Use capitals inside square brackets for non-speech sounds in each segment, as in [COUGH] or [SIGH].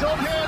He's up here.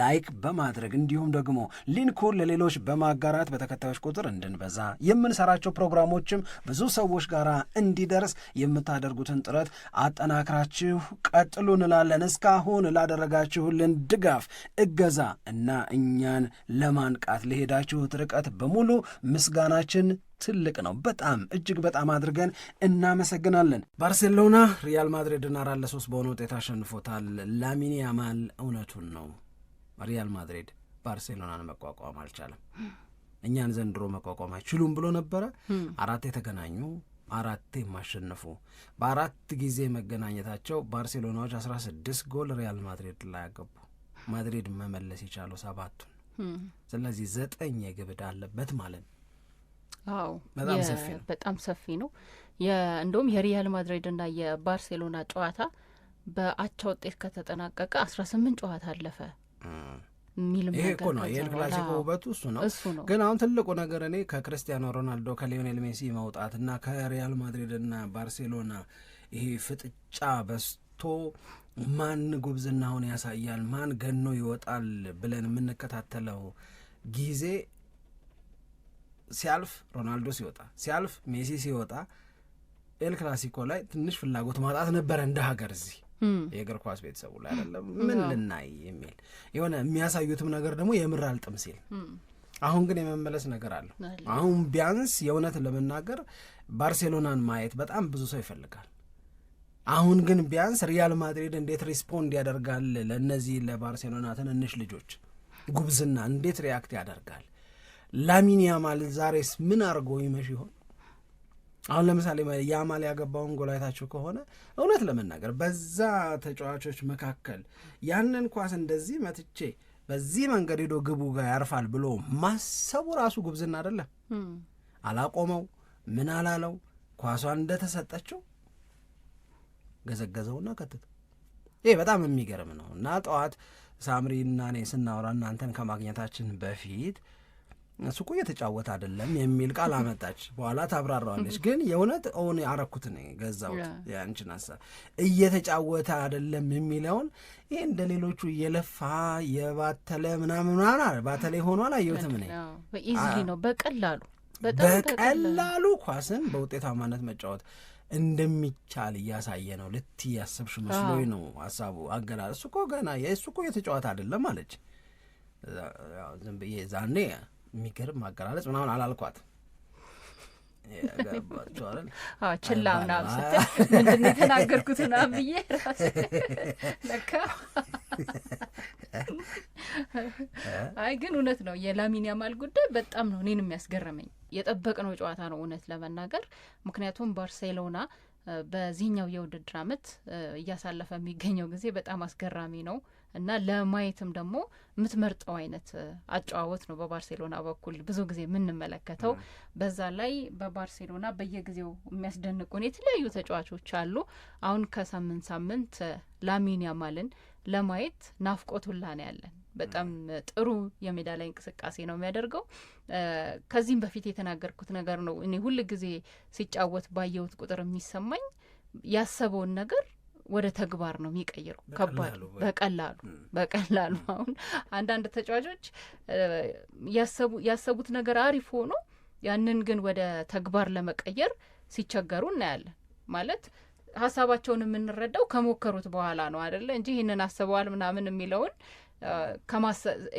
ላይክ በማድረግ እንዲሁም ደግሞ ሊንኩን ለሌሎች በማጋራት በተከታዮች ቁጥር እንድንበዛ የምንሰራቸው ፕሮግራሞችም ብዙ ሰዎች ጋር እንዲደርስ የምታደርጉትን ጥረት አጠናክራችሁ ቀጥሉ እንላለን። እስካሁን ላደረጋችሁልን ድጋፍ፣ እገዛ እና እኛን ለማንቃት ለሄዳችሁት ርቀት በሙሉ ምስጋናችን ትልቅ ነው። በጣም እጅግ በጣም አድርገን እናመሰግናለን። ባርሴሎና ሪያል ማድሪድን አራት ለሶስት በሆነ ውጤት አሸንፎታል። ላሚን ያማል እውነቱን ነው ሪያል ማድሪድ ባርሴሎናን መቋቋም አልቻለም። እኛን ዘንድሮ መቋቋም አይችሉም ብሎ ነበረ። አራቴ የተገናኙ አራቴ ማሸነፉ በአራት ጊዜ መገናኘታቸው ባርሴሎናዎች አስራ ስድስት ጎል ሪያል ማድሪድ ላይ ያገቡ ማድሪድ መመለስ የቻለው ሰባቱን ስለዚህ ዘጠኝ የግብ ዕዳ አለበት ማለት ነው። አዎ በጣም ሰፊ ነው፣ በጣም ሰፊ ነው። እንደውም የሪያል ማድሪድና የባርሴሎና ጨዋታ በአቻ ውጤት ከተጠናቀቀ አስራ ስምንት ጨዋታ አለፈ። ይሄ እኮ ነው የኤል ክላሲኮ ውበቱ እሱ ነው። ግን አሁን ትልቁ ነገር እኔ ከክርስቲያኖ ሮናልዶ ከሊዮኔል ሜሲ መውጣት እና ከሪያል ማድሪድና ባርሴሎና ይሄ ፍጥጫ በስቶ ማን ጉብዝናውን ያሳያል ማን ገኖ ይወጣል ብለን የምንከታተለው ጊዜ ሲያልፍ ሮናልዶ ሲወጣ ሲያልፍ ሜሲ ሲወጣ ኤል ክላሲኮ ላይ ትንሽ ፍላጎት ማጣት ነበረ እንደ ሀገር እዚህ የእግር ኳስ ቤተሰቡ ላይ አይደለም ምን ልናይ የሚል የሆነ የሚያሳዩትም ነገር ደግሞ የምር አልጥም ሲል አሁን ግን የመመለስ ነገር አለ። አሁን ቢያንስ የእውነት ለመናገር ባርሴሎናን ማየት በጣም ብዙ ሰው ይፈልጋል። አሁን ግን ቢያንስ ሪያል ማድሪድ እንዴት ሪስፖንድ ያደርጋል ለእነዚህ ለባርሴሎና ትንንሽ ልጆች ጉብዝና እንዴት ሪያክት ያደርጋል? ላሚን ያማል ዛሬስ ምን አድርጎ ይመሽ ይሆን? አሁን ለምሳሌ ያማል ያገባውን ጎል አይታችሁ ከሆነ እውነት ለመናገር በዛ ተጫዋቾች መካከል ያንን ኳስ እንደዚህ መትቼ በዚህ መንገድ ሄዶ ግቡ ጋር ያርፋል ብሎ ማሰቡ ራሱ ጉብዝና አይደለም። አላቆመው፣ ምን አላለው፣ ኳሷን እንደተሰጠችው ገዘገዘውና ከተቱ። ይህ በጣም የሚገርም ነው እና ጠዋት እና እኔ ስናወራ እናንተን ከማግኘታችን በፊት እሱ እኮ እየተጫወተ አይደለም የሚል ቃል አመጣች። በኋላ ታብራራዋለች። [LAUGHS] ግን የእውነት እውን አረኩት ነ ገዛሁት የአንችን ሀሳብ እየተጫወተ አይደለም የሚለውን ይህ እንደ ሌሎቹ እየለፋ የባተለ ምናምን ምናምን ባተለ ሆኖ አላየሁትም። ነ ነው በቀላሉ በቀላሉ ኳስን በውጤታማነት መጫወት እንደሚቻል እያሳየ ነው። ልት ያሰብሽ መስሎኝ ነው ሀሳቡ አገላለጽ። እሱ እኮ ገና የእሱ እኮ እየተጫወተ አይደለም አለች። ዝም ብዬ ዛኔ የሚገርም አገላለጽ ምናምን አላልኳት [LAUGHS] ችላ ምናምን ስትል ምንድን የተናገርኩት ምናምን ብዬ ራሴ [LAUGHS] ለካ [LAUGHS] አይ ግን እውነት ነው የላሚን ያማል ጉዳይ በጣም ነው እኔን የሚያስገርመኝ የጠበቅነው ጨዋታ ነው እውነት ለመናገር ምክንያቱም ባርሴሎና በዚህኛው የውድድር አመት እያሳለፈ የሚገኘው ጊዜ በጣም አስገራሚ ነው እና ለማየትም ደግሞ የምትመርጠው አይነት አጨዋወት ነው በባርሴሎና በኩል ብዙ ጊዜ የምንመለከተው። በዛ ላይ በባርሴሎና በየጊዜው የሚያስደንቁን የተለያዩ ተጫዋቾች አሉ። አሁን ከሳምንት ሳምንት ላሚን ያማልን ለማየት ናፍቆቱላን ያለን። በጣም ጥሩ የሜዳ ላይ እንቅስቃሴ ነው የሚያደርገው። ከዚህም በፊት የተናገርኩት ነገር ነው። እኔ ሁል ጊዜ ሲጫወት ባየሁት ቁጥር የሚሰማኝ ያሰበውን ነገር ወደ ተግባር ነው የሚቀይረው። ከባድ በቀላሉ በቀላሉ አሁን አንዳንድ ተጫዋቾች ያሰቡት ነገር አሪፍ ሆኖ ያንን ግን ወደ ተግባር ለመቀየር ሲቸገሩ እናያለን። ማለት ሀሳባቸውን የምንረዳው ከሞከሩት በኋላ ነው አደለ እንጂ ይህንን አስበዋል ምናምን የሚለውን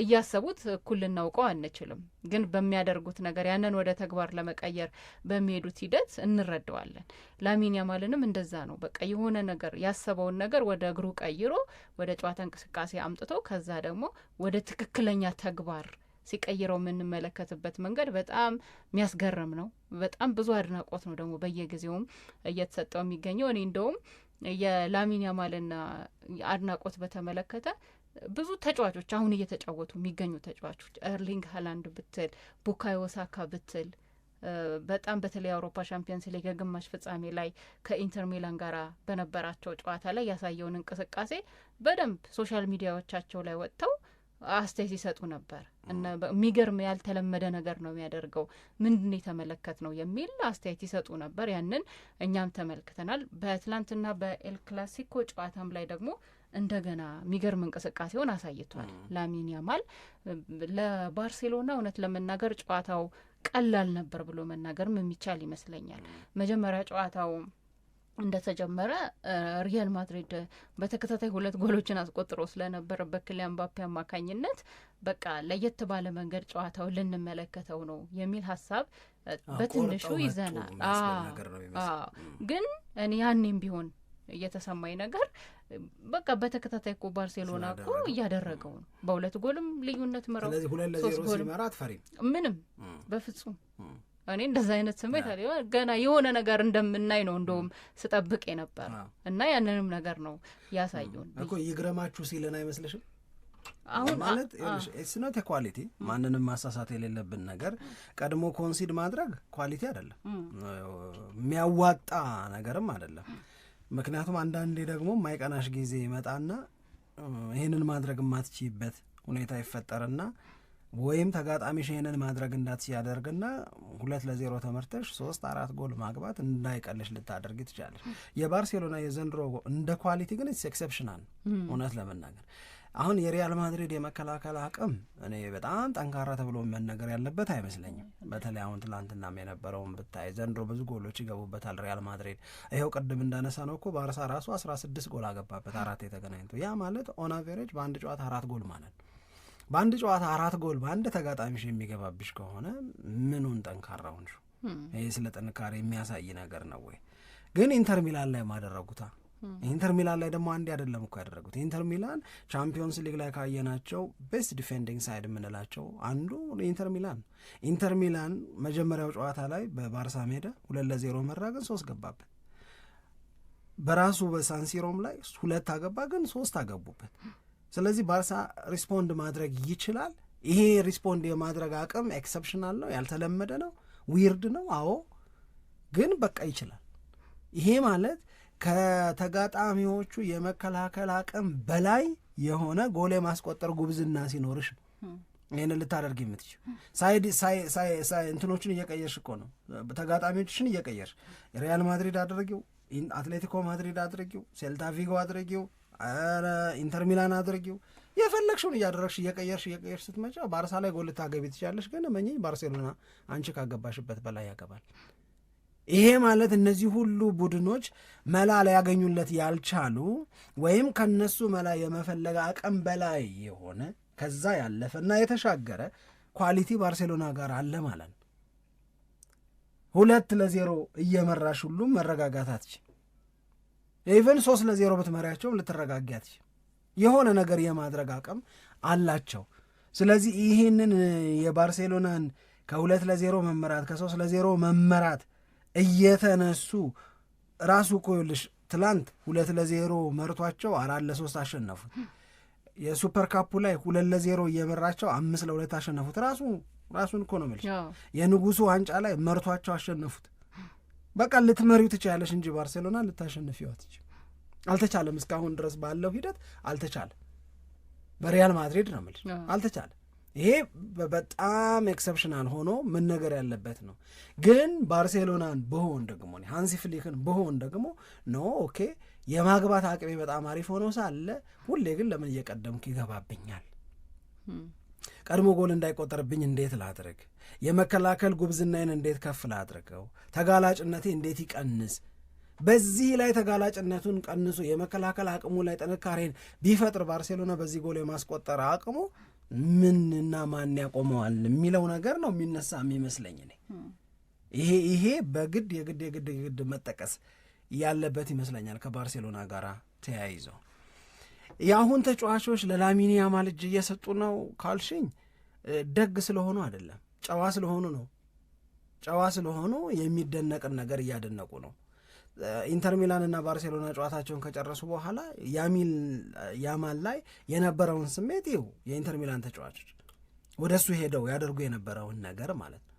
እያሰቡት እኩል ልናውቀው አንችልም፣ ግን በሚያደርጉት ነገር ያንን ወደ ተግባር ለመቀየር በሚሄዱት ሂደት እንረዳዋለን። ላሚን ያማልንም እንደዛ ነው። በቃ የሆነ ነገር ያሰበውን ነገር ወደ እግሩ ቀይሮ ወደ ጨዋታ እንቅስቃሴ አምጥቶ ከዛ ደግሞ ወደ ትክክለኛ ተግባር ሲቀይረው የምንመለከትበት መንገድ በጣም የሚያስገርም ነው። በጣም ብዙ አድናቆት ነው ደግሞ በየጊዜውም እየተሰጠው የሚገኘው። እኔ እንደውም የላሚን ያማልና አድናቆት በተመለከተ ብዙ ተጫዋቾች አሁን እየተጫወቱ የሚገኙ ተጫዋቾች ኤርሊንግ ሀላንድ ብትል፣ ቡካዮ ሳካ ብትል በጣም በተለይ አውሮፓ ሻምፒየንስ ሊግ ግማሽ ፍጻሜ ላይ ከኢንተር ሚላን ጋራ በነበራቸው ጨዋታ ላይ ያሳየውን እንቅስቃሴ በደንብ ሶሻል ሚዲያዎቻቸው ላይ ወጥተው አስተያየት ይሰጡ ነበር። የሚገርም ያልተለመደ ነገር ነው የሚያደርገው፣ ምንድን የተመለከት ነው የሚል አስተያየት ይሰጡ ነበር። ያንን እኛም ተመልክተናል። በትላንትና በኤል ክላሲኮ ጨዋታም ላይ ደግሞ እንደገና የሚገርም እንቅስቃሴውን አሳይቷል። ላሚን ያማል ለባርሴሎና እውነት ለመናገር ጨዋታው ቀላል ነበር ብሎ መናገርም የሚቻል ይመስለኛል። መጀመሪያ ጨዋታው እንደተጀመረ ሪያል ማድሪድ በተከታታይ ሁለት ጎሎችን አስቆጥሮ ስለነበረ በክሊያን ምባፔ አማካኝነት በቃ ለየት ባለ መንገድ ጨዋታው ልንመለከተው ነው የሚል ሀሳብ በትንሹ ይዘናል። ግን እኔ ያኔም ቢሆን የተሰማኝ ነገር በቃ በተከታታይ እኮ ባርሴሎና እኮ እያደረገው ነው። በሁለት ጎልም ልዩነት ምረው ሶስት ጎልም ምንም በፍጹም እኔ እንደዛ አይነት ስሜት አለ። ገና የሆነ ነገር እንደምናይ ነው እንደውም ስጠብቅ የነበረ እና ያንንም ነገር ነው ያሳየውን እኮ ይግረማችሁ ሲለን አይመስልሽም? አሁን ማለት ስነት ኳሊቲ ማንንም ማሳሳት የሌለብን ነገር ቀድሞ ኮንሲድ ማድረግ ኳሊቲ አይደለም፣ የሚያዋጣ ነገርም አይደለም። ምክንያቱም አንዳንዴ ደግሞ ማይቀናሽ ጊዜ ይመጣና ይህንን ማድረግ የማትችይበት ሁኔታ ይፈጠርና ወይም ተጋጣሚሽ ይህንን ማድረግ እንዳትችይ ያደርግና ሁለት ለዜሮ ተመርተሽ ሶስት አራት ጎል ማግባት እንዳይቀልሽ ልታደርግ ትችላለች። የባርሴሎና የዘንድሮ እንደ ኳሊቲ ግን ኤክሰፕሽናል እውነት ለመናገር አሁን የሪያል ማድሪድ የመከላከል አቅም እኔ በጣም ጠንካራ ተብሎ መነገር ያለበት አይመስለኝም። በተለይ አሁን ትላንትናም የነበረውን ብታይ ዘንድሮ ብዙ ጎሎች ይገቡበታል ሪያል ማድሪድ። ይኸው ቅድም እንዳነሳ ነው እኮ ባርሳ ራሱ 16 ጎል አገባበት አራት የተገናኝቶ። ያ ማለት ኦን አቨሬጅ በአንድ ጨዋታ አራት ጎል ማለት ነው። በአንድ ጨዋታ አራት ጎል በአንድ ተጋጣሚሽ የሚገባብሽ ከሆነ ምኑን ጠንካራውን ይህ ስለ ጥንካሬ የሚያሳይ ነገር ነው ወይ? ግን ኢንተር ሚላን ላይ ማደረጉታ ኢንተር ሚላን ላይ ደግሞ አንድ አይደለም እኮ ያደረጉት። ኢንተር ሚላን ቻምፒዮንስ ሊግ ላይ ካየናቸው ቤስት ዲፌንዲንግ ሳይድ የምንላቸው አንዱ ኢንተር ሚላን። ኢንተር ሚላን መጀመሪያው ጨዋታ ላይ በባርሳ ሜዳ ሁለት ለዜሮ መራ፣ ግን ሶስት ገባበት። በራሱ በሳንሲሮም ላይ ሁለት አገባ፣ ግን ሶስት አገቡበት። ስለዚህ ባርሳ ሪስፖንድ ማድረግ ይችላል። ይሄ ሪስፖንድ የማድረግ አቅም ኤክሰፕሽናል ነው፣ ያልተለመደ ነው፣ ዊርድ ነው። አዎ ግን በቃ ይችላል። ይሄ ማለት ከተጋጣሚዎቹ የመከላከል አቅም በላይ የሆነ ጎል የማስቆጠር ጉብዝና ሲኖርሽ ነው ይህን ልታደርግ የምትችል ሳይድ እንትኖችን እየቀየርሽ እኮ ነው፣ ተጋጣሚዎችሽን እየቀየርሽ ሪያል ማድሪድ አድርጊው፣ አትሌቲኮ ማድሪድ አድርጊው፣ ሴልታ ቪጎ አድርጊው፣ ኢንተር ሚላን አድርጊው። የፈለግሽውን እያደረግሽ እየቀየርሽ እየቀየርሽ ስትመጫ ባርሳ ላይ ጎል ልታገቢ ትችላለሽ። ግን መኝ ባርሴሎና አንቺ ካገባሽበት በላይ ያገባል። ይሄ ማለት እነዚህ ሁሉ ቡድኖች መላ ሊያገኙለት ያልቻሉ ወይም ከነሱ መላ የመፈለግ አቅም በላይ የሆነ ከዛ ያለፈ እና የተሻገረ ኳሊቲ ባርሴሎና ጋር አለ ማለት ነው። ሁለት ለዜሮ እየመራሽ ሁሉም መረጋጋት አትችል። ኢቨን ሶስት ለዜሮ ብትመሪያቸውም ልትረጋጊ አትችል። የሆነ ነገር የማድረግ አቅም አላቸው። ስለዚህ ይህንን የባርሴሎናን ከሁለት ለዜሮ መመራት ከሶስት ለዜሮ መመራት እየተነሱ ራሱ እኮ ይኸውልሽ ትላንት ሁለት ለዜሮ መርቷቸው አራት ለሶስት አሸነፉት። የሱፐር ካፑ ላይ ሁለት ለዜሮ እየመራቸው አምስት ለሁለት አሸነፉት። ራሱ ራሱን እኮ ነው የምልሽ። የንጉሱ ዋንጫ ላይ መርቷቸው አሸነፉት። በቃ ልትመሪው ትችያለሽ እንጂ ባርሴሎና ልታሸንፊው አትችይም። አልተቻለም። እስካሁን ድረስ ባለው ሂደት አልተቻለም። በሪያል ማድሪድ ነው የምልሽ አልተቻለም። ይሄ በጣም ኤክሰፕሽናል ሆኖ መነገር ያለበት ነው። ግን ባርሴሎናን ብሆን ደግሞ ሃንሲ ፍሊክን ብሆን ደግሞ ኖ ኦኬ፣ የማግባት አቅሜ በጣም አሪፍ ሆኖ ሳለ ሁሌ ግን ለምን እየቀደምኩ ይገባብኛል? ቀድሞ ጎል እንዳይቆጠርብኝ እንዴት ላድርግ? የመከላከል ጉብዝናዬን እንዴት ከፍ ላድርገው? ተጋላጭነቴ እንዴት ይቀንስ? በዚህ ላይ ተጋላጭነቱን ቀንሶ የመከላከል አቅሙ ላይ ጥንካሬን ቢፈጥር ባርሴሎና በዚህ ጎል የማስቆጠር አቅሙ ምን እና ማን ያቆመዋል የሚለው ነገር ነው የሚነሳ የሚመስለኝ እኔ ይሄ ይሄ በግድ የግድ የግድ የግድ መጠቀስ ያለበት ይመስለኛል ከባርሴሎና ጋር ተያይዘው የአሁን ተጫዋቾች ለላሚኒ ያማል እጅ እየሰጡ ነው ካልሽኝ ደግ ስለሆኑ አይደለም ጨዋ ስለሆኑ ነው ጨዋ ስለሆኑ የሚደነቅን ነገር እያደነቁ ነው ኢንተር ሚላን እና ባርሴሎና ጨዋታቸውን ከጨረሱ በኋላ ያሚል ያማል ላይ የነበረውን ስሜት ይሁ የኢንተር ሚላን ተጫዋቾች ወደ እሱ ሄደው ያደርጉ የነበረውን ነገር ማለት ነው።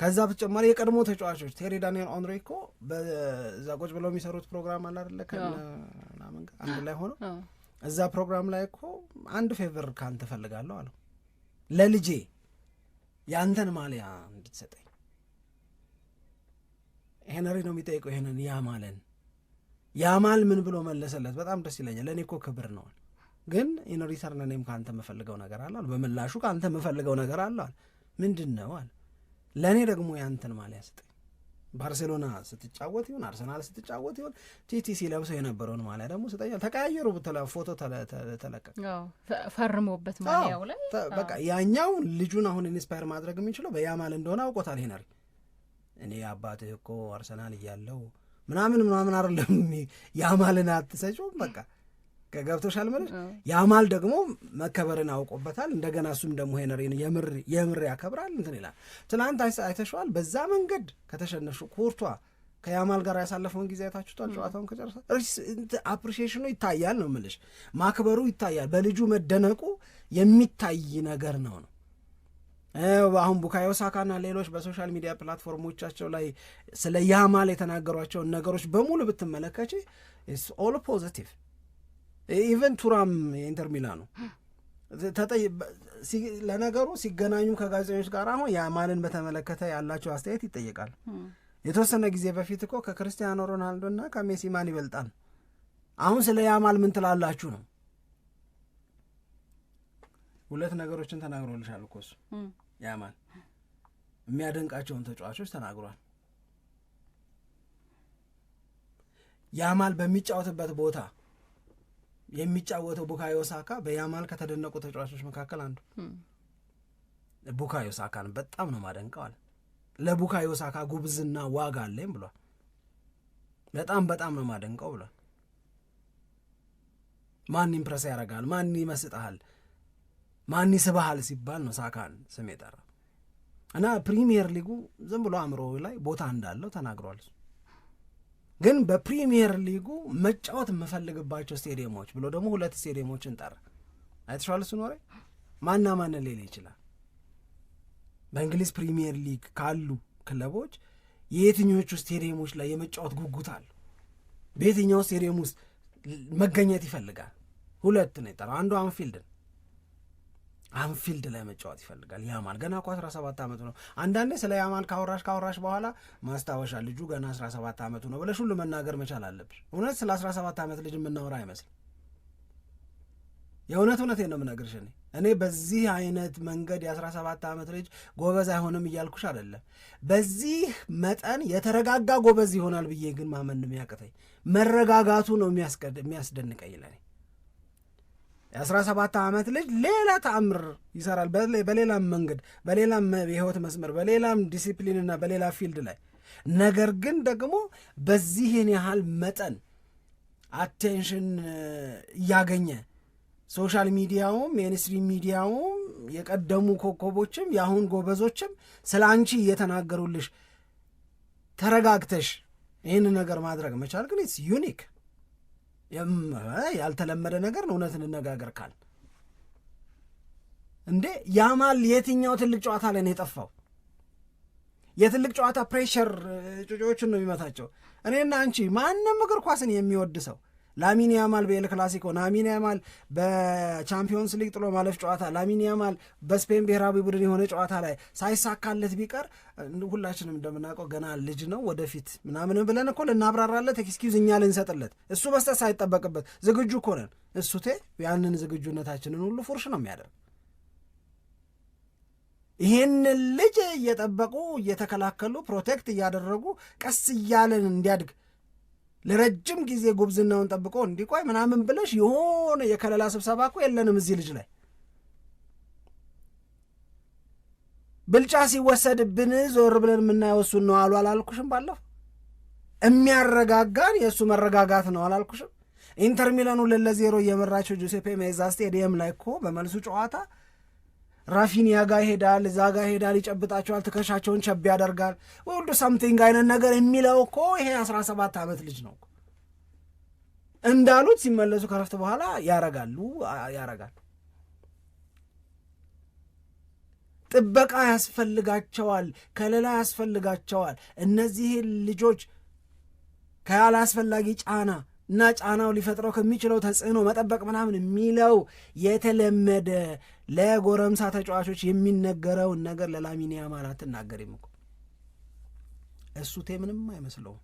ከዛ በተጨማሪ የቀድሞ ተጫዋቾች ቴሪ ዳንኤል ኦንሬ እኮ በዛ ቁጭ ብለው የሚሰሩት ፕሮግራም አለ አይደለ? ከምናምን አንድ ላይ ሆነው እዛ ፕሮግራም ላይ እኮ አንድ ፌቨር ካንተ እፈልጋለሁ አለው ለልጄ የአንተን ማሊያ እንድትሰጠኝ ሄነሪ ነው የሚጠይቀው ይሄንን ያማልን ያማል ምን ብሎ መለሰለት? በጣም ደስ ይለኛል። ለእኔ እኮ ክብር ነው ግን ኢን ሪተርን እኔም ከአንተ የምፈልገው ነገር አለ በምላሹ ከአንተ የምፈልገው ነገር አለ አለ ምንድን ነው አለ። ለእኔ ደግሞ ያንተን ማሊያ ስጠኝ። ባርሴሎና ስትጫወት ይሁን አርሰናል ስትጫወት ይሁን ቲቲ ሲለብሰው የነበረውን ማሊያ ደግሞ ስጠኛል። ተቀያየሩ። ፎቶ ተለቀቀ ፈርሞበት ማሊያው ላይ በቃ ያኛው ልጁን አሁን ኢንስፓየር ማድረግ የሚችለው በያማል እንደሆነ አውቆታል ሄነሪ እኔ አባትህ እኮ አርሰናል እያለው ምናምን ምናምን አይደለም ያማልን አትሰጪውም በቃ ከገብቶሻል መለሽ ያማል ደግሞ መከበርን አውቆበታል። እንደገና እሱም ደግሞ ሄነሪን የምር ያከብራል እንትን ይላል። ትናንት አይተሸዋል። በዛ መንገድ ከተሸነሹ ኮርቷ ከያማል ጋር ያሳለፈውን ጊዜ አይታችሁታል። ጨዋታውን ከጨረሰ አፕሪሺዬሽኑ ይታያል ነው ምልሽ፣ ማክበሩ ይታያል። በልጁ መደነቁ የሚታይ ነገር ነው ነው አሁን ቡካዮ ሳካና ሌሎች በሶሻል ሚዲያ ፕላትፎርሞቻቸው ላይ ስለ ያማል የተናገሯቸውን ነገሮች በሙሉ ብትመለከች ኦል ፖዚቲቭ። ኢቨን ቱራም የኢንተር ሚላኑ ለነገሩ ሲገናኙ ከጋዜጠኞች ጋር አሁን ያማልን በተመለከተ ያላቸው አስተያየት ይጠየቃል። የተወሰነ ጊዜ በፊት እኮ ከክርስቲያኖ እና ከሜሲ ማን ይበልጣል? አሁን ስለ ያማል ምን ትላላችሁ ነው። ሁለት ነገሮችን ተናግሮልሻል እኮ እሱ ያማል የሚያደንቃቸውን ተጫዋቾች ተናግሯል። ያማል በሚጫወትበት ቦታ የሚጫወተው ቡካዮ ሳካ በያማል ከተደነቁ ተጫዋቾች መካከል አንዱ። ቡካዮ ሳካን በጣም ነው ማደንቀዋል። ለቡካዮ ሳካ ጉብዝና ዋጋ አለኝ ብሏል። በጣም በጣም ነው ማደንቀው ብሏል። ማን ኢምፕረስ ያደርጋል? ማን ይመስጠሃል? ማን ይስብሃል ሲባል ነው ሳካን ስም የጠራ እና ፕሪሚየር ሊጉ ዝም ብሎ አእምሮ ላይ ቦታ እንዳለው ተናግሯል። ግን በፕሪሚየር ሊጉ መጫወት የምፈልግባቸው ስቴዲየሞች ብሎ ደግሞ ሁለት ስቴዲየሞችን ጠራ። አይተሻል እሱን ወሬ ማና ማን ሌላ ይችላል። በእንግሊዝ ፕሪሚየር ሊግ ካሉ ክለቦች የየትኞቹ ስቴዲየሞች ላይ የመጫወት ጉጉት አሉ? በየትኛው ስቴዲየም ውስጥ መገኘት ይፈልጋል? ሁለት ነው የጠራው። አንዱ አንፊልድ ነው አንፊልድ ላይ መጫወት ይፈልጋል ያማል። ገና እኮ 17 ዓመቱ ነው። አንዳንዴ ስለ ያማል ካወራሽ ካወራሽ በኋላ ማስታወሻ ልጁ ገና 17 ዓመቱ ነው ብለሽ ሁሉ መናገር መቻል አለብሽ። እውነት ስለ 17 ዓመት ልጅ የምናወራ አይመስልም። የእውነት እውነት ነው የምነግርሽ። እኔ እኔ በዚህ አይነት መንገድ የ17 ዓመት ልጅ ጎበዝ አይሆንም እያልኩሽ አይደለም። በዚህ መጠን የተረጋጋ ጎበዝ ይሆናል ብዬ ግን ማመን የሚያቅተኝ መረጋጋቱ ነው የሚያስደንቀኝ ለኔ የአስራ ሰባት ዓመት ልጅ ሌላ ተአምር ይሰራል። በሌላም መንገድ፣ በሌላም የህይወት መስመር፣ በሌላም ዲሲፕሊንና በሌላ ፊልድ ላይ ነገር ግን ደግሞ በዚህን ያህል መጠን አቴንሽን እያገኘ ሶሻል ሚዲያውም ሜንስትሪም ሚዲያውም የቀደሙ ኮከቦችም የአሁን ጎበዞችም ስለ አንቺ እየተናገሩልሽ ተረጋግተሽ ይህን ነገር ማድረግ መቻል ግን ዩኒክ ያልተለመደ ነገር ነው። እውነት እንነጋገር ካል እንዴ ያማል የትኛው ትልቅ ጨዋታ ላይ ነው የጠፋው? የትልቅ ጨዋታ ፕሬሸር ጩጮዎችን ነው የሚመታቸው። እኔና አንቺ ማንም እግር ኳስን የሚወድ ሰው ላሚን ያማል በኤል ክላሲኮ፣ ላሚን ያማል በቻምፒዮንስ ሊግ ጥሎ ማለፍ ጨዋታ፣ ላሚን ያማል በስፔን ብሔራዊ ቡድን የሆነ ጨዋታ ላይ ሳይሳካለት ቢቀር ሁላችንም እንደምናውቀው ገና ልጅ ነው ወደፊት ምናምን ብለን እኮ ልናብራራለት ኤክስኪውዝ እኛ ልንሰጥለት እሱ በስተት ሳይጠበቅበት ዝግጁ እኮ ነን። እሱቴ ያንን ዝግጁነታችንን ሁሉ ፉርሽ ነው የሚያደርግ። ይህንን ልጅ እየጠበቁ እየተከላከሉ ፕሮቴክት እያደረጉ ቀስ እያለን እንዲያድግ ለረጅም ጊዜ ጉብዝናውን ጠብቆ እንዲቆይ ምናምን ብለሽ የሆነ የከለላ ስብሰባ እኮ የለንም እዚህ ልጅ ላይ ብልጫ ሲወሰድብን ዞር ብለን የምናየወሱን ነው አሉ አላልኩሽም? ባለፈው የሚያረጋጋን የእሱ መረጋጋት ነው አላልኩሽም? ኢንተር ሚላኑ ለለዜሮ እየመራቸው ጁሴፔ ሜዛ ስቴዲየም ላይ እኮ በመልሱ ጨዋታ ራፊኒያ ጋር ይሄዳል፣ እዛ ጋር ይሄዳል፣ ይጨብጣቸዋል፣ ትከሻቸውን ቸብ ያደርጋል። ወልዶ ሳምቲንግ አይነት ነገር የሚለው እኮ ይሄ 17 ዓመት ልጅ ነው እንዳሉት ሲመለሱ ከረፍት በኋላ ያረጋሉ ያረጋል። ጥበቃ ያስፈልጋቸዋል፣ ከለላ ያስፈልጋቸዋል። እነዚህ ልጆች ካላስፈላጊ ጫና እና ጫናው ሊፈጥረው ከሚችለው ተጽዕኖ መጠበቅ ምናምን የሚለው የተለመደ ለጎረምሳ ተጫዋቾች የሚነገረውን ነገር ለላሚን ያማል አትናገሪም እኮ እሱ ቴ ምንም አይመስለውም።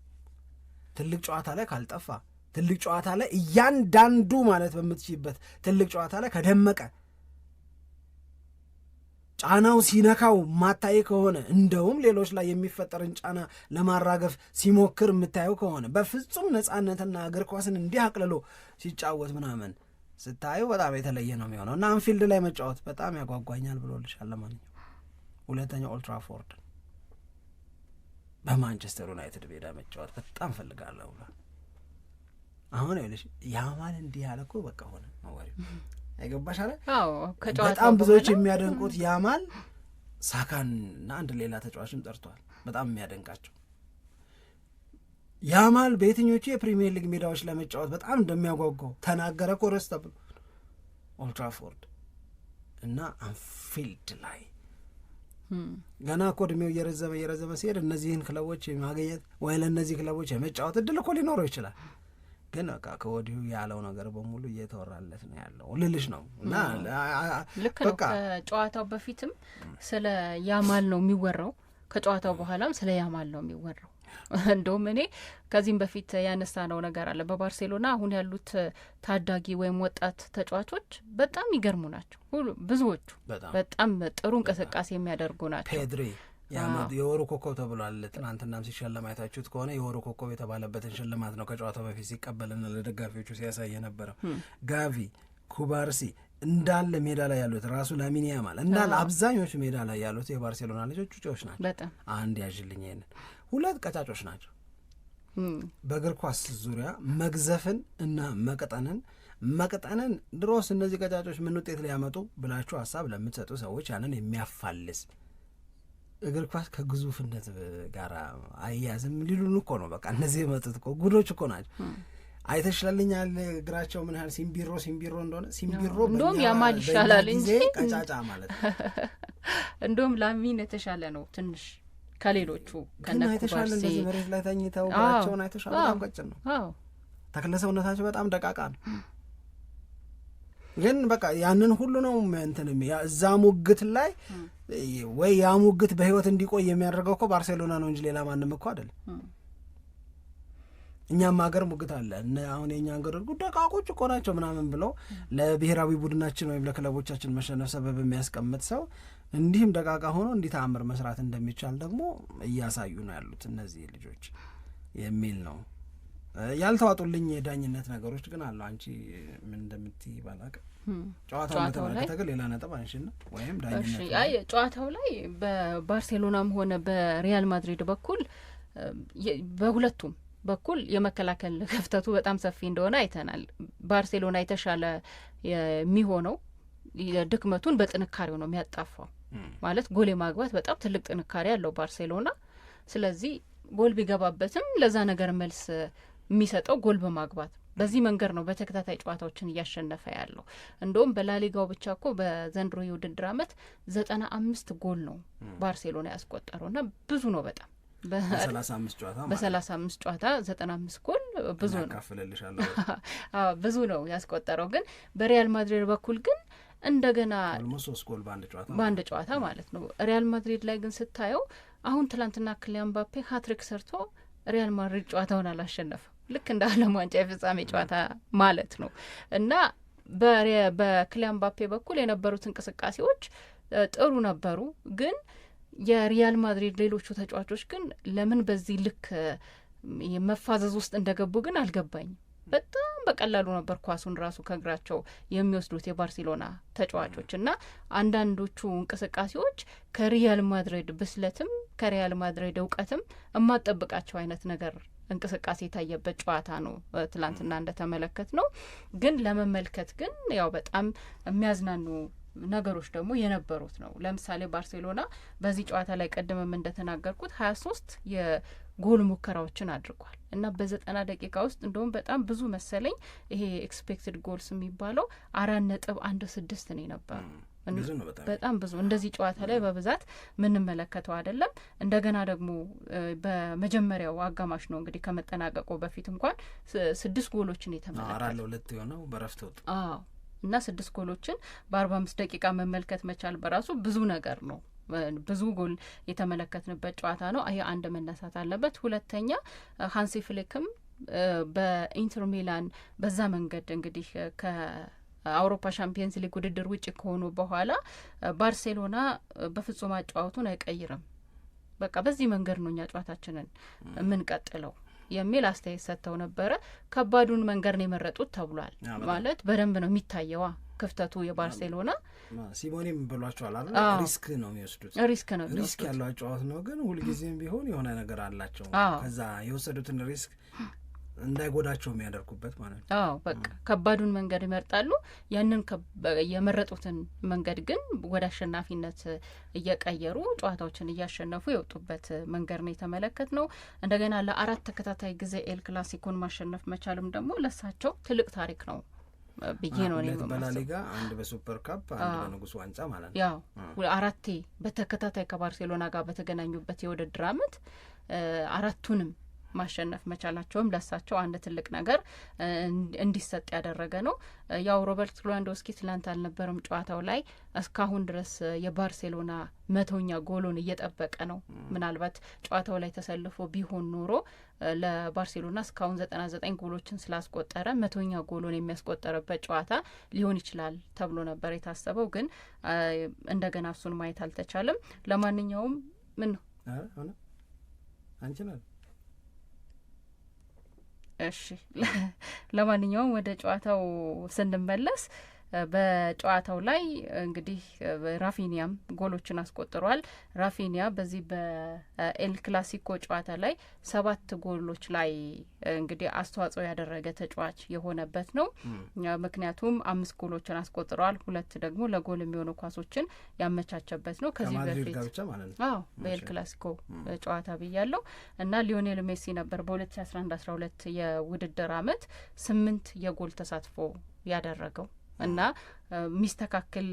ትልቅ ጨዋታ ላይ ካልጠፋ፣ ትልቅ ጨዋታ ላይ እያንዳንዱ ማለት በምትችበት ትልቅ ጨዋታ ላይ ከደመቀ ጫናው ሲነካው ማታይ ከሆነ እንደውም ሌሎች ላይ የሚፈጠርን ጫና ለማራገፍ ሲሞክር የምታየው ከሆነ በፍጹም ነፃነትና እግር ኳስን እንዲህ አቅልሎ ሲጫወት ምናምን ስታዩ በጣም የተለየ ነው የሚሆነው እና አንፊልድ ላይ መጫወት በጣም ያጓጓኛል ብሎልሻል። ለማንኛውም ሁለተኛው ኦልትራፎርድ በማንቸስተር ዩናይትድ ቤዳ መጫወት በጣም ፈልጋለሁ አሁን ይኸውልሽ ያማል እንዲህ ያለ እኮ በቃ ሆነ አይገባሻለ በጣም ብዙዎች የሚያደንቁት ያማል ሳካን እና አንድ ሌላ ተጫዋችም ጠርቷል። በጣም የሚያደንቃቸው ያማል በየትኞቹ የፕሪሚየር ሊግ ሜዳዎች ለመጫወት በጣም እንደሚያጓጓው ተናገረ። ኮረስ ተብሎ ኦልትራፎርድ እና አንፊልድ ላይ ገና እኮ እድሜው እየረዘመ እየረዘመ ሲሄድ እነዚህን ክለቦች የማግኘት ወይ ለእነዚህ ክለቦች የመጫወት እድል እኮ ሊኖረው ይችላል። ግን በቃ ከወዲሁ ያለው ነገር በሙሉ እየተወራለት ነው ያለው ልልሽ ነው። እና ልክ ነው። ከጨዋታው በፊትም ስለ ያማል ነው የሚወራው፣ ከጨዋታው በኋላም ስለ ያማል ነው የሚወራው። [LAUGHS] እንደውም እኔ ከዚህም በፊት ያነሳ ነው ነገር አለ። በባርሴሎና አሁን ያሉት ታዳጊ ወይም ወጣት ተጫዋቾች በጣም ይገርሙ ናቸው። ሁሉ ብዙዎቹ በጣም ጥሩ እንቅስቃሴ የሚያደርጉ ናቸው። የወሩ ኮከብ ተብሏል። ትናንትናም ሲሸለም አይታችሁት ከሆነ የወሩ ኮከብ የተባለበትን ሽልማት ነው ከጨዋታው በፊት ሲቀበልና ለደጋፊዎቹ ሲያሳይ የነበረው። ጋቪ፣ ኩባርሲ እንዳለ ሜዳ ላይ ያሉት ራሱ ላሚን ያማል እንዳለ አብዛኞቹ ሜዳ ላይ ያሉት የባርሴሎና ልጆች ውጪዎች ናቸው። አንድ ያዥልኝ ይሄንን ሁለት ቀጫጮች ናቸው። በእግር ኳስ ዙሪያ መግዘፍን እና መቅጠንን መቅጠንን ድሮስ እነዚህ ቀጫጮች ምን ውጤት ሊያመጡ ብላችሁ ሀሳብ ለምትሰጡ ሰዎች ያንን የሚያፋልስ እግር ኳስ ከግዙፍነት ጋር አያያዝም ሊሉን እኮ ነው። በቃ እነዚህ የመጡት እኮ ጉዶች እኮ ናቸው። አይተሽላልኛል እግራቸው ምን ያህል ሲምቢሮ ሲምቢሮ እንደሆነ ሲምቢሮ እንደውም ያማል ይሻላል እንጂ ቀጫጫ ማለት ነው። [LAUGHS] እንደውም ላሚን የተሻለ ነው ትንሽ ከሌሎቹ ከነኩባርሴ እንደዚህ መሬት ላይ ተኝተው እግራቸውን አይተሻል። በጣም ቀጭን ነው። ተክለ ሰውነታቸው በጣም ደቃቃ ነው። ግን በቃ ያንን ሁሉ ነው እንትንም እዛ ሙግት ላይ ወይ ያ ሙግት በህይወት እንዲቆይ የሚያደርገው እኮ ባርሴሎና ነው እንጂ ሌላ ማንም እኮ አይደለም። እኛም ሀገር ሙግት አለ። አሁን የእኛ ሀገር ደቃቆች እኮ ናቸው ምናምን ብለው ለብሔራዊ ቡድናችን ወይም ለክለቦቻችን መሸነፍ ሰበብ የሚያስቀምጥ ሰው እንዲህም ደቃቃ ሆኖ እንዲህ ተአምር መስራት እንደሚቻል ደግሞ እያሳዩ ነው ያሉት እነዚህ ልጆች የሚል ነው። ያልተዋጡልኝ የዳኝነት ነገሮች ግን አሉ። አንቺ ምን እንደምትይ ባላቅ ጨዋታው በተመለከተ ሌላ ነጥብ አንሺና ወይም ዳኝነት ጨዋታው ላይ በባርሴሎናም ሆነ በሪያል ማድሪድ በኩል በሁለቱም በኩል የመከላከል ክፍተቱ በጣም ሰፊ እንደሆነ አይተናል። ባርሴሎና የተሻለ የሚሆነው ድክመቱን በጥንካሬው ነው የሚያጣፋው። ማለት ጎል የማግባት በጣም ትልቅ ጥንካሬ አለው ባርሴሎና። ስለዚህ ጎል ቢገባበትም ለዛ ነገር መልስ የሚሰጠው ጎል በማግባት በዚህ መንገድ ነው በተከታታይ ጨዋታዎችን እያሸነፈ ያለው። እንደውም በላሊጋው ብቻ እኮ በዘንድሮ የውድድር አመት ዘጠና አምስት ጎል ነው ባርሴሎና ያስቆጠረው እና ብዙ ነው በጣም በሰላሳ አምስት ጨዋታ ዘጠና አምስት ጎል ብዙ ነው [LAUGHS] ብዙ ነው ያስቆጠረው። ግን በሪያል ማድሪድ በኩል ግን እንደገና ሶስት ጎል በአንድ ጨዋታ ማለት ነው። ሪያል ማድሪድ ላይ ግን ስታየው አሁን ትላንትና ክሊያን ምባፔ ሀትሪክ ሰርቶ ሪያል ማድሪድ ጨዋታውን አላሸነፈም። ልክ እንደ ዓለም ዋንጫ የፍጻሜ ጨዋታ ማለት ነው እና በክሊያን በኩል የነበሩት እንቅስቃሴዎች ጥሩ ነበሩ ግን የሪያል ማድሪድ ሌሎቹ ተጫዋቾች ግን ለምን በዚህ ልክ መፋዘዝ ውስጥ እንደገቡ ግን አልገባኝም። በጣም በቀላሉ ነበር ኳሱን ራሱ ከእግራቸው የሚወስዱት የባርሴሎና ተጫዋቾች እና አንዳንዶቹ እንቅስቃሴዎች ከሪያል ማድሪድ ብስለትም ከሪያል ማድሪድ እውቀትም የማጠብቃቸው አይነት ነገር እንቅስቃሴ የታየበት ጨዋታ ነው ትላንትና እንደተመለከት ነው። ግን ለመመልከት ግን ያው በጣም የሚያዝናኑ ነገሮች ደግሞ የነበሩት ነው። ለምሳሌ ባርሴሎና በዚህ ጨዋታ ላይ ቀድመም እንደተናገርኩት ሀያ ሶስት የጎል ሙከራዎችን አድርጓል እና በዘጠና ደቂቃ ውስጥ እንደውም በጣም ብዙ መሰለኝ ይሄ ኤክስፔክትድ ጎልስ የሚባለው አራት ነጥብ አንድ ስድስት ነው የነበረው በጣም ብዙ እንደዚህ ጨዋታ ላይ በብዛት የምንመለከተው አይደለም። እንደገና ደግሞ በመጀመሪያው አጋማሽ ነው እንግዲህ ከመጠናቀቁ በፊት እንኳን ስድስት ጎሎችን የተመለከተው ሁለት የሆነው በረፍት ወጡ። አዎ እና ስድስት ጎሎችን በአርባ አምስት ደቂቃ መመልከት መቻል በራሱ ብዙ ነገር ነው። ብዙ ጎል የተመለከትንበት ጨዋታ ነው። ይህ አንድ መነሳት አለበት። ሁለተኛ ሃንሲ ፍሊክም በኢንተር ሚላን በዛ መንገድ እንግዲህ ከ አውሮፓ ሻምፒየንስ ሊግ ውድድር ውጭ ከሆኑ በኋላ ባርሴሎና በፍጹም አጨዋወቱን አይቀይርም። በቃ በዚህ መንገድ ነው እኛ ጨዋታችንን የምንቀጥለው የሚል አስተያየት ሰጥተው ነበረ። ከባዱን መንገድ ነው የመረጡት ተብሏል። ማለት በደንብ ነው የሚታየዋ ክፍተቱ የባርሴሎና ሲሞኔም ብሏቸዋል አለ ሪስክ ነው የሚወስዱት ሪስክ ነው ሪስክ ያለው አጨዋወት ነው። ግን ሁልጊዜም ቢሆን የሆነ ነገር አላቸው። ከዛ የወሰዱትን ሪስክ እንዳይጎዳቸው የሚያደርጉበት ማለት ነው። አዎ በቃ ከባዱን መንገድ ይመርጣሉ። ያንን የመረጡትን መንገድ ግን ወደ አሸናፊነት እየቀየሩ ጨዋታዎችን እያሸነፉ የወጡበት መንገድ ነው የተመለከት ነው። እንደገና ለአራት ተከታታይ ጊዜ ኤል ክላሲኮን ማሸነፍ መቻልም ደግሞ ለሳቸው ትልቅ ታሪክ ነው ብዬ ነው እኔ በላሊጋ አንድ በሱፐር ካፕ አንድ በንጉስ ዋንጫ ማለት ነው። ያው አራቴ በተከታታይ ከባርሴሎና ጋር በተገናኙበት የውድድር አመት አራቱንም ማሸነፍ መቻላቸውም ለሳቸው አንድ ትልቅ ነገር እንዲሰጥ ያደረገ ነው። ያው ሮበርት ሌዋንዶውስኪ ትላንት አልነበረም ጨዋታው ላይ እስካሁን ድረስ የባርሴሎና መቶኛ ጎሎን እየጠበቀ ነው። ምናልባት ጨዋታው ላይ ተሰልፎ ቢሆን ኖሮ ለባርሴሎና እስካሁን ዘጠና ዘጠኝ ጎሎችን ስላስቆጠረ መቶኛ ጎሎን የሚያስቆጠረበት ጨዋታ ሊሆን ይችላል ተብሎ ነበር የታሰበው። ግን እንደገና እሱን ማየት አልተቻለም። ለማንኛውም ምን ነው እሺ ለማንኛውም ወደ ጨዋታው ስንመለስ በጨዋታው ላይ እንግዲህ ራፊኒያም ጎሎችን አስቆጥሯል። ራፊኒያ በዚህ በኤል ክላሲኮ ጨዋታ ላይ ሰባት ጎሎች ላይ እንግዲህ አስተዋጽኦ ያደረገ ተጫዋች የሆነበት ነው። ምክንያቱም አምስት ጎሎችን አስቆጥረዋል፣ ሁለት ደግሞ ለጎል የሚሆኑ ኳሶችን ያመቻቸበት ነው። ከዚህ በፊት አዎ በኤል ክላሲኮ ጨዋታ ብያለው እና ሊዮኔል ሜሲ ነበር በ2011 12 የውድድር አመት ስምንት የጎል ተሳትፎ ያደረገው እና የሚስተካከል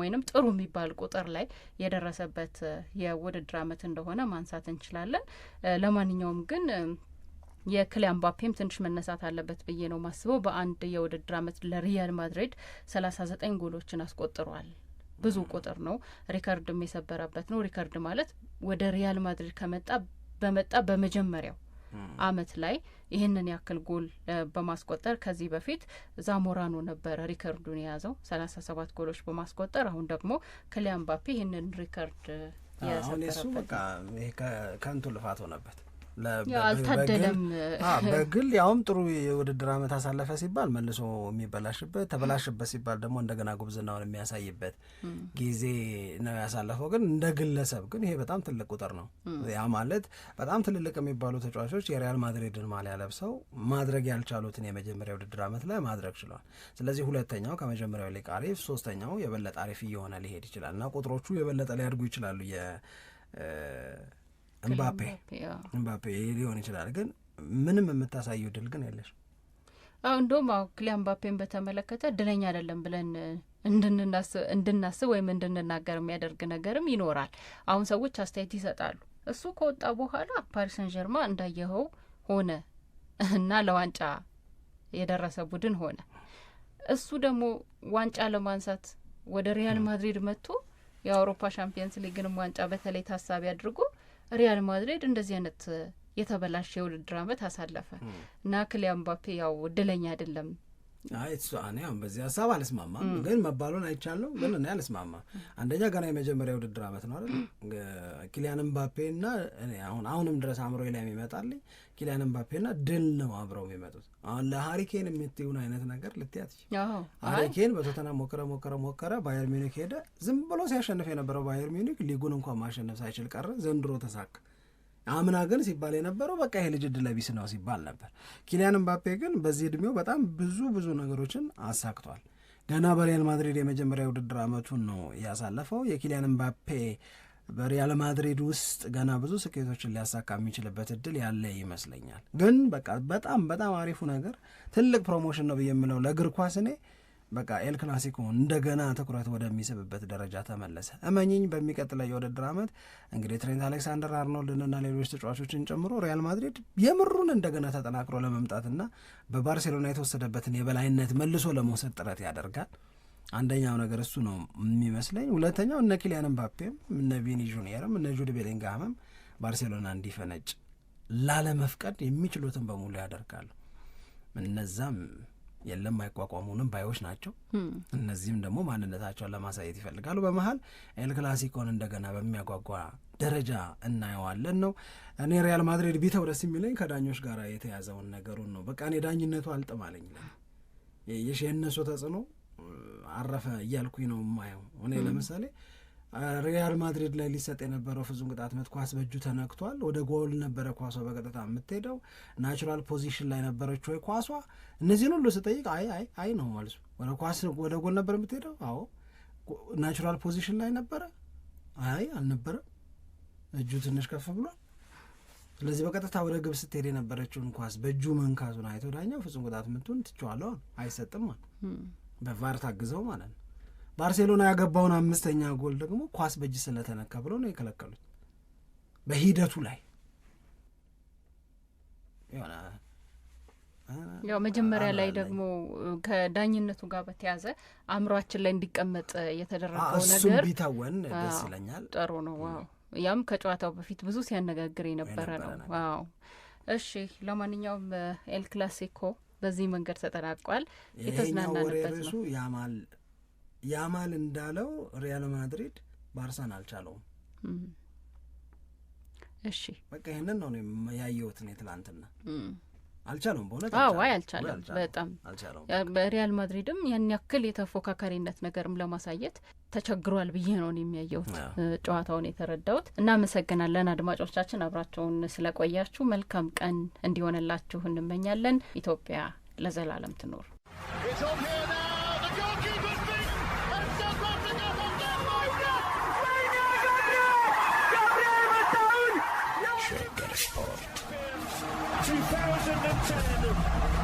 ወይንም ጥሩ የሚባል ቁጥር ላይ የደረሰበት የውድድር አመት እንደሆነ ማንሳት እንችላለን። ለማንኛውም ግን የክሊያን ምባፔም ትንሽ መነሳት አለበት ብዬ ነው ማስበው። በአንድ የውድድር ዓመት ለሪያል ማድሪድ ሰላሳ ዘጠኝ ጎሎችን አስቆጥሯል። ብዙ ቁጥር ነው። ሪከርድም የሰበረበት ነው። ሪከርድ ማለት ወደ ሪያል ማድሪድ ከመጣ በመጣ በመጀመሪያው አመት ላይ ይህንን ያክል ጎል በማስቆጠር ከዚህ በፊት ዛሞራኖ ነበረ ሪከርዱን የያዘው ሰላሳ ሰባት ጎሎች በማስቆጠር አሁን ደግሞ ክሊያን ምባፔ ይህንን ሪከርድ አሁን የሱ በቃ ከንቱ ልፋት ሆነበት። አልታደለም። በግል ያውም ጥሩ የውድድር ዓመት አሳለፈ ሲባል መልሶ የሚበላሽበት ተበላሽበት ሲባል ደግሞ እንደገና ጉብዝናውን የሚያሳይበት ጊዜ ነው ያሳለፈው። ግን እንደ ግለሰብ ግን ይሄ በጣም ትልቅ ቁጥር ነው። ያ ማለት በጣም ትልልቅ የሚባሉ ተጫዋቾች የሪያል ማድሪድን ማሊያ ለብሰው ማድረግ ያልቻሉትን የመጀመሪያ ውድድር ዓመት ላይ ማድረግ ችሏል። ስለዚህ ሁለተኛው ከመጀመሪያው ሊቅ አሪፍ፣ ሶስተኛው የበለጠ አሪፍ እየሆነ ሊሄድ ይችላል እና ቁጥሮቹ የበለጠ ሊያድጉ ይችላሉ እምባፔ እምባፔ ሊሆን ይችላል። ግን ምንም የምታሳየው ድል ግን የለሽ። አሁ እንደውም አሁ ክሊያን ምባፔን በተመለከተ እድለኛ አይደለም ብለን እንድናስብ ወይም እንድንናገር የሚያደርግ ነገርም ይኖራል። አሁን ሰዎች አስተያየት ይሰጣሉ። እሱ ከወጣ በኋላ ፓሪሰን ጀርማ እንዳየኸው ሆነ እና ለዋንጫ የደረሰ ቡድን ሆነ። እሱ ደግሞ ዋንጫ ለማንሳት ወደ ሪያል ማድሪድ መጥቶ የአውሮፓ ሻምፒየንስ ሊግንም ዋንጫ በተለይ ታሳቢ አድርጎ ሪያል ማድሪድ እንደዚህ አይነት የተበላሸ የውድድር አመት አሳለፈ እና ክሊያን ምባፔ ያው እድለኛ አይደለም እሱ እኔ አሁን በዚህ ሀሳብ አልስማማም፣ ግን መባሉን አይቻለሁ፣ ግን እኔ አልስማማም። አንደኛ ገና የመጀመሪያ ውድድር አመት ነው አይደል? ኪሊያን ምባፔ ና አሁን አሁንም ድረስ አእምሮ ላይ የሚመጣልኝ ኪሊያን ምባፔ ና ድል ነው አብረው የሚመጡት። አሁን ለሀሪኬን የምትሆን አይነት ነገር ልትያት ሀሪኬን በቶተና ሞከረ ሞከረ ሞከረ፣ ባየር ሚኒክ ሄደ። ዝም ብሎ ሲያሸንፍ የነበረው ባየር ሚኒክ ሊጉን እንኳን ማሸነፍ ሳይችል ቀረ። ዘንድሮ ተሳካ። አምና ግን ሲባል የነበረው በቃ ይሄ ልጅ ዕድለ ቢስ ነው ሲባል ነበር። ኪሊያን ምባፔ ግን በዚህ እድሜው በጣም ብዙ ብዙ ነገሮችን አሳክቷል። ገና በሪያል ማድሪድ የመጀመሪያ ውድድር ዓመቱን ነው ያሳለፈው። የኪሊያን ምባፔ በሪያል ማድሪድ ውስጥ ገና ብዙ ስኬቶችን ሊያሳካ የሚችልበት እድል ያለ ይመስለኛል። ግን በቃ በጣም በጣም አሪፉ ነገር ትልቅ ፕሮሞሽን ነው ብዬ የምለው ለእግር ኳስ እኔ በቃ ኤል ክላሲኮ እንደገና ትኩረት ወደሚስብበት ደረጃ ተመለሰ። እመኝኝ በሚቀጥለው የውድድር ዓመት እንግዲህ ትሬንት አሌክሳንደር አርኖልድንና ሌሎች ተጫዋቾችን ጨምሮ ሪያል ማድሪድ የምሩን እንደገና ተጠናክሮ ለመምጣትና በባርሴሎና የተወሰደበትን የበላይነት መልሶ ለመውሰድ ጥረት ያደርጋል። አንደኛው ነገር እሱ ነው የሚመስለኝ። ሁለተኛው እነ ኪሊያን ምባፔም እነ ቪኒ ጁኒየርም እነ ጁድ ቤሊንግሃምም ባርሴሎና እንዲፈነጭ ላለመፍቀድ የሚችሉትን በሙሉ ያደርጋሉ እነዛም የለም አይቋቋሙንም ባዮች ናቸው። hmm. እነዚህም ደግሞ ማንነታቸውን ለማሳየት ይፈልጋሉ። በመሀል ኤል ክላሲኮን እንደገና በሚያጓጓ ደረጃ እናየዋለን ነው። እኔ ሪያል ማድሪድ ቢተው ደስ የሚለኝ ከዳኞች ጋር የተያዘውን ነገሩን ነው። በቃ እኔ ዳኝነቱ አልጥም አለኝ። የሽ የእነሱ ተጽዕኖ አረፈ እያልኩኝ ነው የማየው እኔ hmm. ለምሳሌ ሪያል ማድሪድ ላይ ሊሰጥ የነበረው ፍጹም ቅጣት ምት ኳስ በእጁ ተነክቷል። ወደ ጎል ነበረ ኳሷ በቀጥታ የምትሄደው ናቹራል ፖዚሽን ላይ ነበረች ወይ ኳሷ? እነዚህን ሁሉ ስጠይቅ አይ አይ አይ ነው ማለት ወደ ኳስ ወደ ጎል ነበር የምትሄደው? አዎ። ናቹራል ፖዚሽን ላይ ነበረ? አይ አልነበረም፣ እጁ ትንሽ ከፍ ብሏል። ስለዚህ በቀጥታ ወደ ግብ ስትሄድ የነበረችውን ኳስ በእጁ መንካቱን አይተው ዳኛው ፍጹም ቅጣት ምቱን ትቸዋለሁ አይሰጥም፣ በቫር ታግዘው ማለት ነው ባርሴሎና ያገባውን አምስተኛ ጎል ደግሞ ኳስ በእጅ ስለተነካ ብለው ነው የከለከሉት። በሂደቱ ላይ ያው መጀመሪያ ላይ ደግሞ ከዳኝነቱ ጋር በተያዘ አእምሯችን ላይ እንዲቀመጥ የተደረገው ነገር ቢታወን ደስ ይለኛል። ጥሩ ነው። ዋው ያም ከጨዋታው በፊት ብዙ ሲያነጋግር የነበረ ነው። ዋው እሺ። ለማንኛውም ኤል ክላሲኮ በዚህ መንገድ ተጠናቋል። የተዝናናንበት ነው። ያማል ያማል እንዳለው ሪያል ማድሪድ ባርሳን አልቻለውም። እሺ በቃ ይህንን ነው ያየሁት እኔ ትላንትና አልቻለውም። በእውነት ዋይ አልቻለም፣ በጣም በሪያል ማድሪድም ያን ያክል የተፎካካሪነት ነገርም ለማሳየት ተቸግሯል ብዬ ነው የሚያየሁት ጨዋታውን የተረዳሁት። እናመሰግናለን አድማጮቻችን፣ አብራቸውን ስለቆያችሁ መልካም ቀን እንዲሆንላችሁ እንመኛለን። ኢትዮጵያ ለዘላለም ትኖር። 2010.